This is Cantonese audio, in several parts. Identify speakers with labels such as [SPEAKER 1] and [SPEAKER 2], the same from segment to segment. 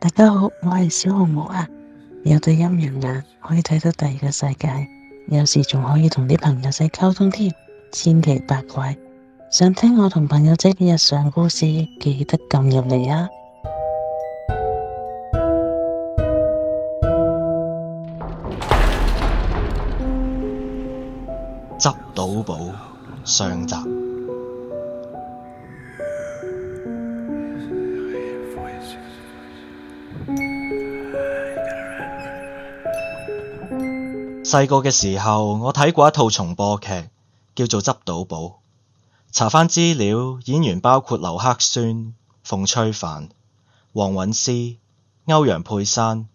[SPEAKER 1] 大家好，我係小紅帽啊，有對陰陽眼可以睇到第二個世界，有時仲可以同啲朋友仔溝通添，千奇百怪。想聽我同朋友仔嘅日常故事，記得撳入嚟啊！執到寶上集。細個嘅時候，我睇過一套重播劇，叫做《執到寶》。查返資料，演員包括劉克宣、馮淬帆、黃韻詩、歐陽佩珊、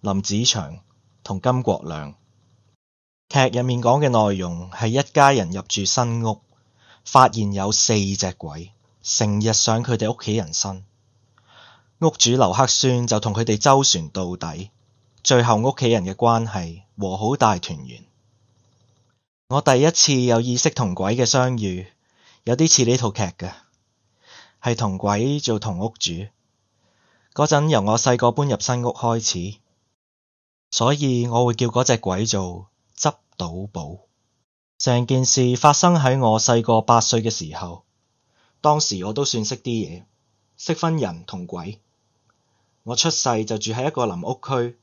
[SPEAKER 1] 林子祥同甘國亮。劇入面講嘅內容係一家人入住新屋，發現有四隻鬼，成日上佢哋屋企人身。屋主劉克宣就同佢哋周旋到底。最後屋企人嘅關係和好大團圓。我第一次有意識同鬼嘅相遇，有啲似呢套劇嘅，係同鬼做同屋主嗰陣，由我細個搬入新屋開始，所以我會叫嗰隻鬼做執到寶。成件事發生喺我細個八歲嘅時候，當時我都算識啲嘢，識分人同鬼。我出世就住喺一個臨屋區。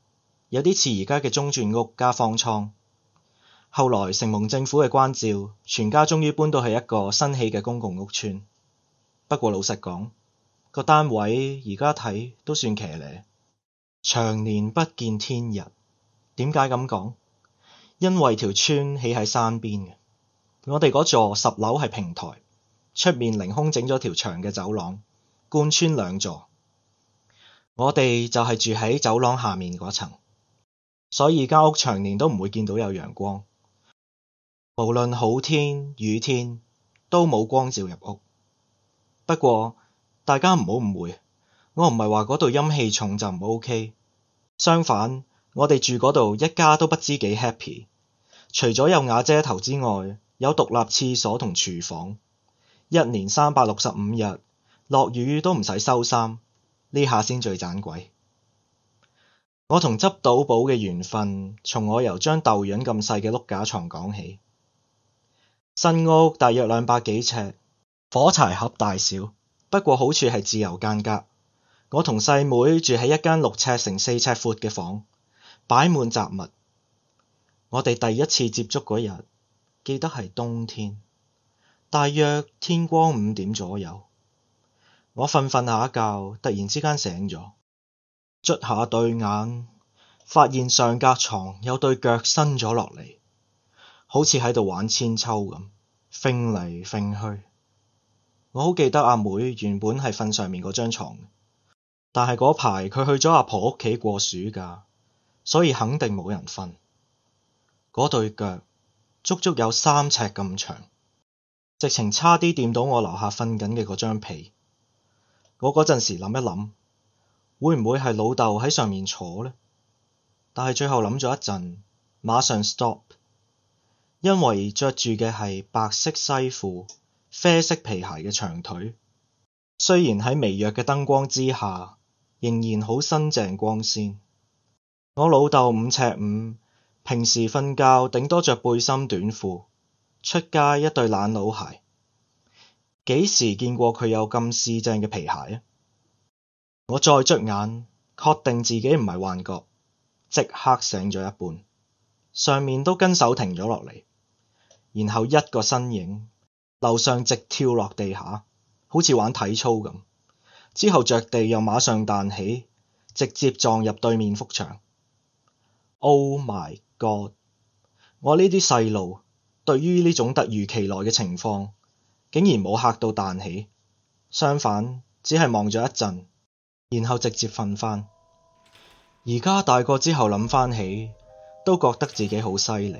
[SPEAKER 1] 有啲似而家嘅中轉屋加方倉。後來承蒙政府嘅關照，全家終於搬到去一個新起嘅公共屋邨。不過老實講，個單位而家睇都算騎呢，長年不見天日。點解咁講？因為條邨起喺山邊嘅，我哋嗰座十樓係平台，出面凌空整咗條長嘅走廊，貫穿兩座。我哋就係住喺走廊下面嗰層。所以間屋長年都唔會見到有陽光，無論好天、雨天都冇光照入屋。不過大家唔好誤會，我唔係話嗰度陰氣重就唔 OK。相反，我哋住嗰度一家都不知幾 happy。除咗有瓦遮頭之外，有獨立廁所同廚房，一年三百六十五日落雨都唔使收衫。呢下先最盞鬼！我同執到寶嘅緣分，從我由張豆潤咁細嘅碌架床講起。新屋大約兩百幾尺，火柴盒大小，不過好處係自由間隔。我同細妹，妹住喺一間六尺乘四尺闊嘅房，擺滿雜物。我哋第一次接觸嗰日，記得係冬天，大約天光五點左右，我瞓瞓下覺，突然之間醒咗。捽下對眼，發現上格床有對腳伸咗落嚟，好似喺度玩千秋咁，揈嚟揈去。我好記得阿妹原本係瞓上面嗰張床，但係嗰排佢去咗阿婆屋企過暑假，所以肯定冇人瞓。嗰對腳足足有三尺咁長，直情差啲掂到我樓下瞓緊嘅嗰張被。我嗰陣時諗一諗。會唔會係老豆喺上面坐呢？但係最後諗咗一陣，馬上 stop，因為着住嘅係白色西褲、啡色皮鞋嘅長腿，雖然喺微弱嘅燈光之下，仍然好新淨光鮮。我老豆五尺五，平時瞓覺頂多着背心短褲，出街一對爛佬鞋，幾時見過佢有咁四正嘅皮鞋啊？我再捽眼，確定自己唔係幻覺，即刻醒咗一半，上面都跟手停咗落嚟，然後一個身影，樓上直跳落地下，好似玩體操咁。之後着地又馬上彈起，直接撞入對面幅牆。Oh my God！我呢啲細路對於呢種突如其來嘅情況，竟然冇吓到彈起，相反只係望咗一陣。然後直接瞓翻。而家大個之後諗翻起，都覺得自己好犀利。